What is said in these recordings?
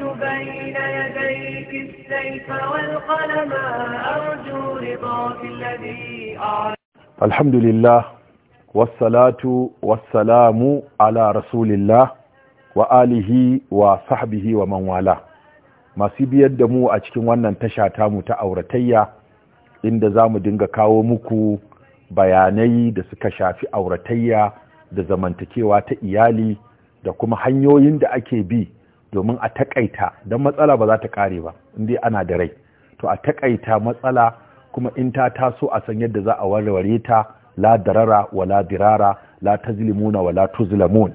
رفعت بين يديك السيف والقلم أرجو رضاك الذي أعلم الحمد لله والصلاة والسلام على رسول الله وآله وصحبه ومن والاه masu biyar da mu a cikin wannan tasha tamu ta auratayya inda za mu dinga kawo muku bayanai da suka shafi auratayya da zamantakewa ta iyali da kuma hanyoyin da ake bi domin a takaita don matsala ba za ta kare ba inda ana da rai to a takaita matsala kuma in ta taso a san yadda za a warware ta la darara wa la dirara la tazlimuna wa la tuzlamun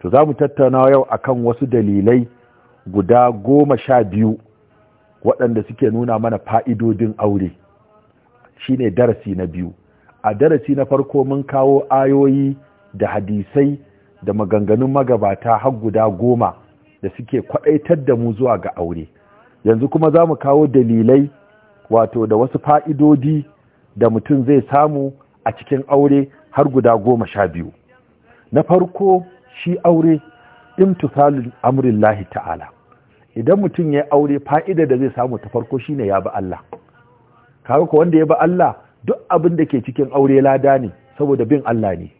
to za mu tattauna yau akan wasu dalilai guda goma sha biyu waɗanda suke nuna mana fa'idodin aure shine darasi na biyu a darasi na farko mun kawo ayoyi da hadisai da maganganun magabata har guda goma da suke kwaɗaitar da mu zuwa ga aure yanzu kuma za mu kawo dalilai wato da wasu fa'idodi da mutum zai samu a cikin aure har guda goma sha biyu na farko shi aure imtisalin amurin lahi ta'ala idan mutum ya aure fa'ida da zai samu ta farko shine ya bi Allah kawo ko wanda ya bi Allah duk abin da ke cikin aure lada ne saboda bin Allah ne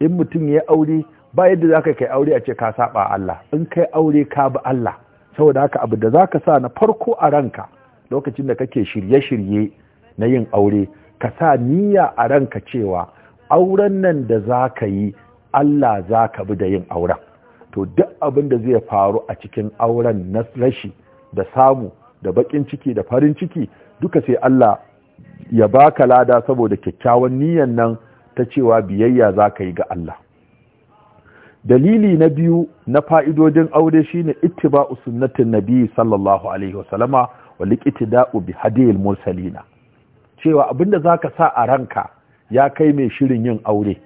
in mutum ya aure ba yadda za ka kai aure a ce ka saba Allah in kai aure ka bi Allah saboda haka abu da za ka sa na farko a ranka lokacin da kake shirye-shirye na yin aure ka sa niyya a ranka cewa auren nan da za ka yi Allah za ka bi da yin auren to duk abin da zai faru a cikin auren na rashi da samu da bakin ciki da farin ciki duka sai Allah ya baka lada saboda kyakkyawan niyyan nan ta cewa biyayya za ka yi ga Allah dalili na biyu na fa'idodin aure shine ittiba'u sunnatin nabi sallallahu alaihi wasallama wa da’u bi hadiyar mursalina cewa abinda zaka sa a ranka ya kai mai shirin yin aure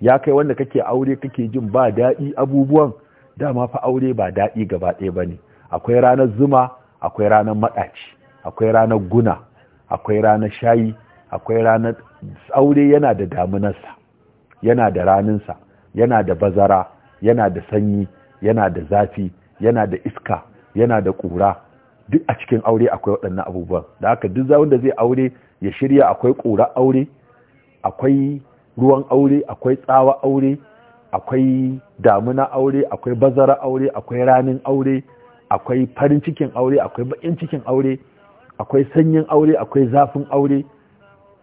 ya kai wanda kake aure kake jin ba daɗi abubuwan dama fa aure ba daɗi gaba ɗaya ne. akwai ranar zuma akwai ranar maɗaci akwai ranar guna akwai ranar shayi akwai ranar aure yana da damunarsa yana da raninsa yana da bazara yana da sanyi yana da zafi yana da iska yana da ƙura duk a cikin aure akwai waɗannan abubuwan da haka duk zaun da zai aure ya shirya akwai ƙura aure akwai ruwan aure akwai tsawa aure akwai damuna aure akwai bazara aure akwai ranin aure akwai farin cikin aure akwai baƙin cikin aure akwai sanyin aure akwai zafin aure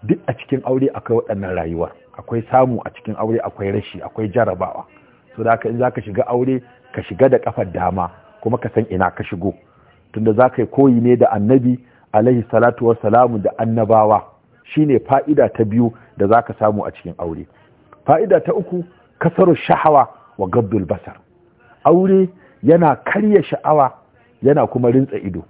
duk a cikin aure akwai waɗannan rayuwar akwai samu a cikin aure akwai rashi akwai jarabawa so da ka in zaka shiga aure ka shiga da kafar dama kuma ka san ina ka shigo tunda za ka yi koyi ne da annabi alaihi salatu wassalamu da annabawa shine fa'ida ta biyu da za ka samu a cikin aure fa'ida ta uku kasaru sha'awa wa gabdul basar aure yana karya sha'awa yana kuma rintsa ido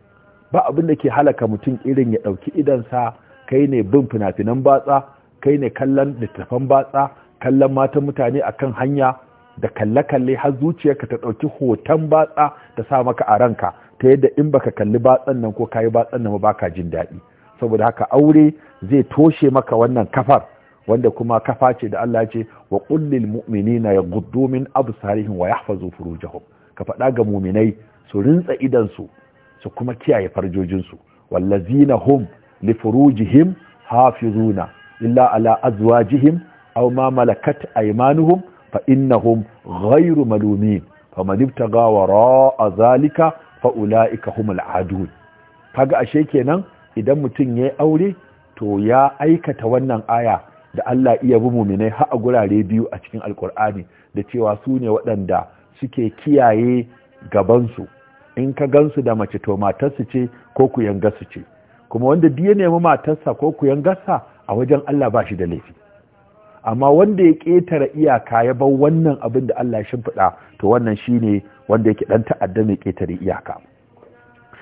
ba abin da ke halaka mutum irin ya ɗauki idansa kai ne bin fina-finan batsa kai ne kallon littattafan batsa kallon matan mutane a kan hanya da kalle-kalle har zuciyarka ta ɗauki hoton batsa ta sa maka a ranka ta yadda in baka kalli batsan nan ko kayi batsan nan ba ka jin daɗi saboda haka aure zai toshe maka wannan kafar wanda kuma kafa ce da Allah ce wa kullil mu'minina yaghuddu min absarihim wa yahfazu furujahum ka faɗa ga mu'minai su rintsa idan su su kuma kiyaye farjojin su wallazina hum li furujihim hafizuna illa ala azwajihim aw ma malakat aymanuhum fa innahum ghairu malumin faman ibtaga wara zalika fa ulaika humul adun kaga ashe kenan idan mutum yayi aure to ya aikata wannan aya da Allah iya bi muminai har a gurare biyu a cikin alkur'ani da cewa su ne waɗanda suke kiyaye gabansu in ka gansu da mace to matarsu ce ko ku su ce kuma wanda duk ya nemi matarsa ko ku sa, a wajen Allah ba shi da laifi amma wanda ya ƙetare iyaka ya bar wannan abin da Allah ya shimfiɗa to wannan shine wanda yake dan ta'adda mai ƙetare iyaka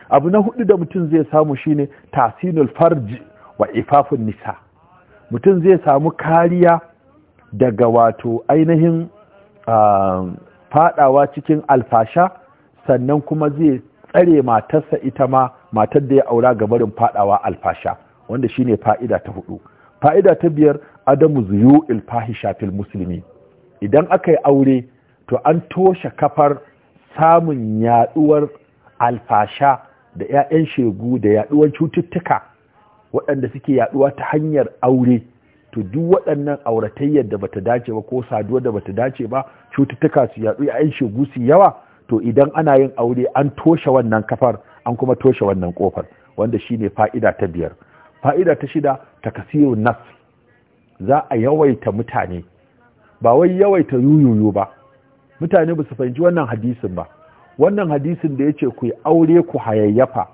abu na hudu da mutum zai samu shine tasinul farj wa ifafun nisa mutum zai samu kariya daga wato ainihin fadawa cikin alfasha sannan kuma zai tsare matarsa ita ma matar da ya aura ga barin fadawa alfasha wanda shine fa'ida ta hudu fa'ida ta biyar adamu zuyu Ilfahi, shafil musulmi idan aka yi aure to an toshe kafar samun yaduwar alfasha da 'ya'yan shegu da yaduwar cututtuka waɗanda suke yaduwa ta hanyar aure to duk waɗannan auratayyar da bata dace ba ko saduwa da bata dace ba cututtuka su yaɗu 'ya'yan shegu su yawa to idan ana yin aure an toshe wannan kafar an kuma toshe wannan kofar wanda shine fa'ida ta biyar fa'ida ta shida takasiru nas za a yawaita mutane ba wai yawaita yuyuyu ba mutane ba su fahimci wannan hadisin ba wannan hadisin da ya ce ku aure ku hayayyafa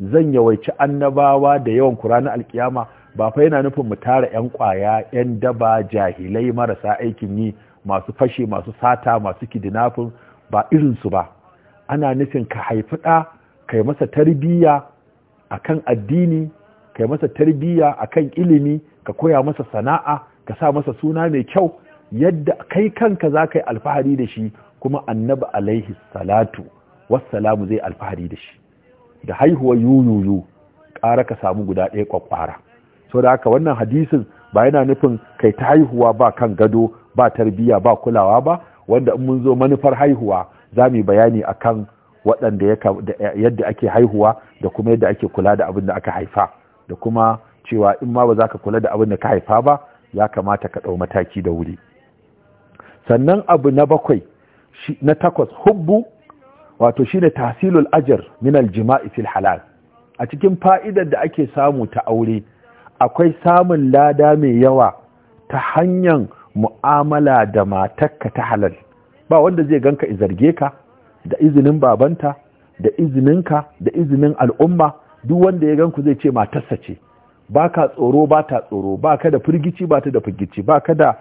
zan yawaici annabawa da yawan Qur'ani alkiyama ba fa yana nufin mu tara 'yan kwaya 'yan daba jahilai marasa aikin yi masu fashe masu sata masu kidinafin ba irin su ba ana nufin ka haifi ɗa kai masa tarbiyya akan addini ka kai masa tarbiyya akan ilimi ka koya masa sana'a ka sa masa suna mai kyau yadda kai kanka za ka yi alfahari da shi kuma annabi alaihi salatu wassalamu zai alfahari da shi da haihuwa yuyuyu ƙara ka samu guda ɗaya kwakwara so da haka wannan hadisin ba yana nufin kai ta haihuwa ba kan gado ba tarbiyya ba kulawa ba wanda in mun zo manufar haihuwa za mu yi bayani akan waɗanda yadda ake haihuwa da kuma yadda ake kula da abin da aka haifa da kuma cewa in ma ba za ka kula da abin da ka haifa ba ya kamata ka ɗau mataki da wuri sannan abu na bakwai na takwas hubbu wato shi ne tasilul ajar min aljima'i fil halal a cikin fa'idar da ake samu ta aure akwai samun lada mai yawa ta hanyar mu'amala da matakka ta halal ba wanda zai ganka zarge ka da izinin babanta da izinin ka, da izinin al'umma duk wanda ya gan ku zai ce matarsa ce ba ka tsoro ba ta tsoro ba ka da firgici ba ta da firgici ba ka da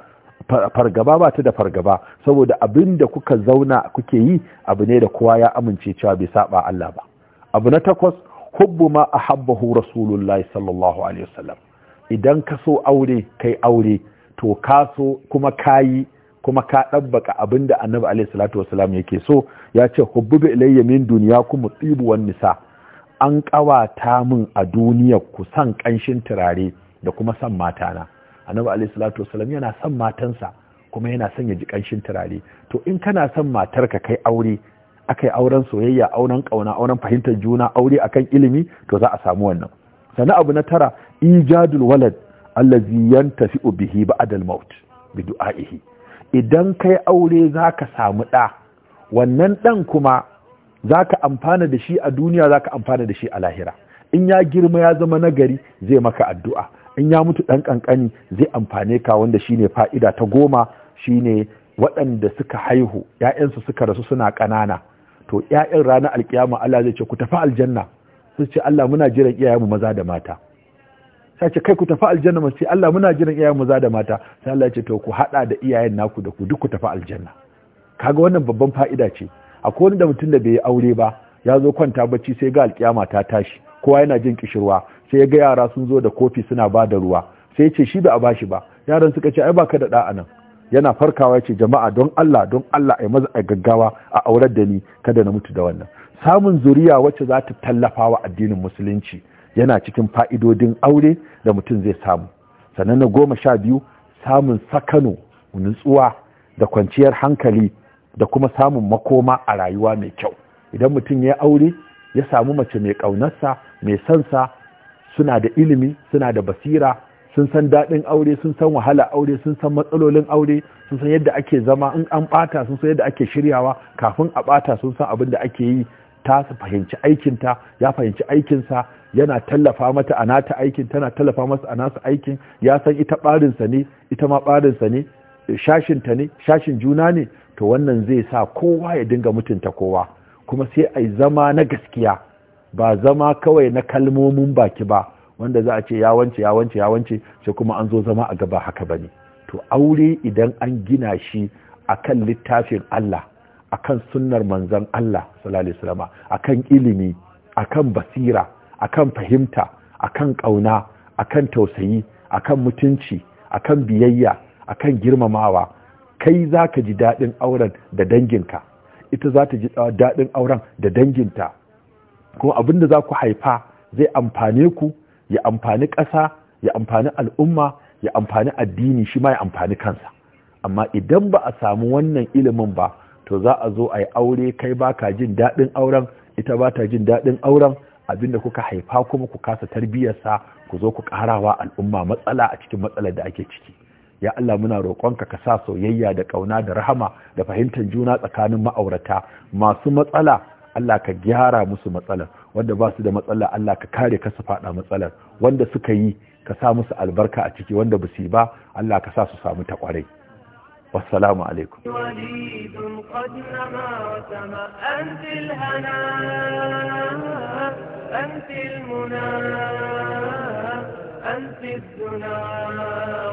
fargaba ba ta da fargaba saboda abin da kuka zauna kuke yi abu ne da kowa ya amince cewa bai saba Allah ba abu na takwas hubbu ma ahabbahu rasulullahi sallallahu alaihi wasallam idan ka so aure kai aure to ka so kuma kayi kuma ka ɗabbaka abin da annabi alaihi salatu wasallam yake so ya ce hubbu bi ilayya min dunyakum tibu wan nisa' an ƙawata min a duniya kusan ƙanshin turare da kuma san matana annabi alaihi salatu wasallam yana san matansa kuma yana son ya ji ƙanshin turare to in kana son matar ka kai aure akai auren soyayya auren ƙauna auren fahimtar juna aure akan ilimi to za a samu wannan sannan abu na tara ijadul walad allazi yantafi'u bihi ba'dal maut bi du'a'ihi idan kai aure za ka samu ɗa wannan ɗan kuma za ka amfana da shi a duniya za ka amfana da shi a lahira in ya girma ya zama nagari zai maka addu'a in ya mutu ɗan ƙanƙani zai amfane ka wanda shi ne fa'ida ta goma shi ne waɗanda suka haihu ‘ya'yansu suka rasu suna ƙanana to ‘ya'yan ranar alkiyama Allah zai ce ku tafi aljanna su ce Allah muna jiran iyayen mu maza da mata sai ce kai ku tafi aljanna mu ce Allah muna jiran iyayen mu maza da mata sai Allah ya ce to ku haɗa da iyayen naku da ku duk ku tafi aljanna kaga wannan babban fa'ida ce akwai wani da mutum da bai yi aure ba ya zo kwanta bacci sai ga alkiyama ta tashi kowa yana jin kishirwa sai ya ga yara sun zo da kofi suna ba da ruwa sai ce shi ba a bashi ba yaran suka ce ai ba ka da da'a nan yana farkawa ya ce jama'a don Allah don Allah ai maza ai gaggawa a aurar da ni kada na mutu da wannan samun zuriya wacce za ta tallafa wa addinin musulunci yana cikin fa'idodin aure da mutum zai samu sannan na goma sha biyu samun sakano nutsuwa da kwanciyar hankali da kuma samun makoma a rayuwa mai kyau idan mutum ya aure ya samu mace mai ƙaunarsa mai sansa suna da ilimi suna da basira sun san daɗin aure sun san wahala aure sun san matsalolin aure sun san yadda ake zama in an ɓata sun san yadda ake shiryawa kafin a ɓata sun san abin da ake yi ta fahimci aikinta ya fahimci aikinsa yana tallafa mata a nata aikin tana tallafa masa a nasa aikin ya san ita ɓarinsa ne ita ma ɓarinsa ne shashin ne shashin juna ne to wannan zai sa kowa ya dinga mutunta kowa kuma sai a zama na gaskiya ba zama kawai na kalmomin baki ba wanda za a ce ya wance ya wance ya wance sai kuma an zo zama a gaba haka ba ne. to aure idan an gina shi akan littafin Allah akan sunnar manzon Allah sallallahu alaihi wasallam akan ilimi akan basira akan fahimta akan kauna akan tausayi akan mutunci akan biyayya akan girmamawa kai za ka ji daɗin auren da danginka ita za ta ji ah, daɗin auren da danginta kuma abin da za ku haifa zai amfane ku ya amfani ƙasa ya amfani al'umma ya amfani addini shi ma ya amfani kansa amma idan ba a samu wannan ilimin ba to za a zo a yi aure kai ba ka jin daɗin auren ita ba ta jin daɗin auren abin da kuka haifa kuma ku kasa tarbiyyarsa ku zo ku ƙarawa al'umma matsala a cikin matsalar da ake ciki ya Allah muna roƙonka ka sa soyayya da kauna da rahama da fahimtar juna tsakanin ma'aurata masu matsala Allah ka gyara musu matsalar wanda ba su da matsala Allah ka kare ka su faɗa matsalar wanda suka yi ka sa musu albarka a ciki wanda ba su yi ba Allah ka sa su samu ta والسلام عليكم وليد قد نما وسما أنت الهنا أنت المنى أنت الدنا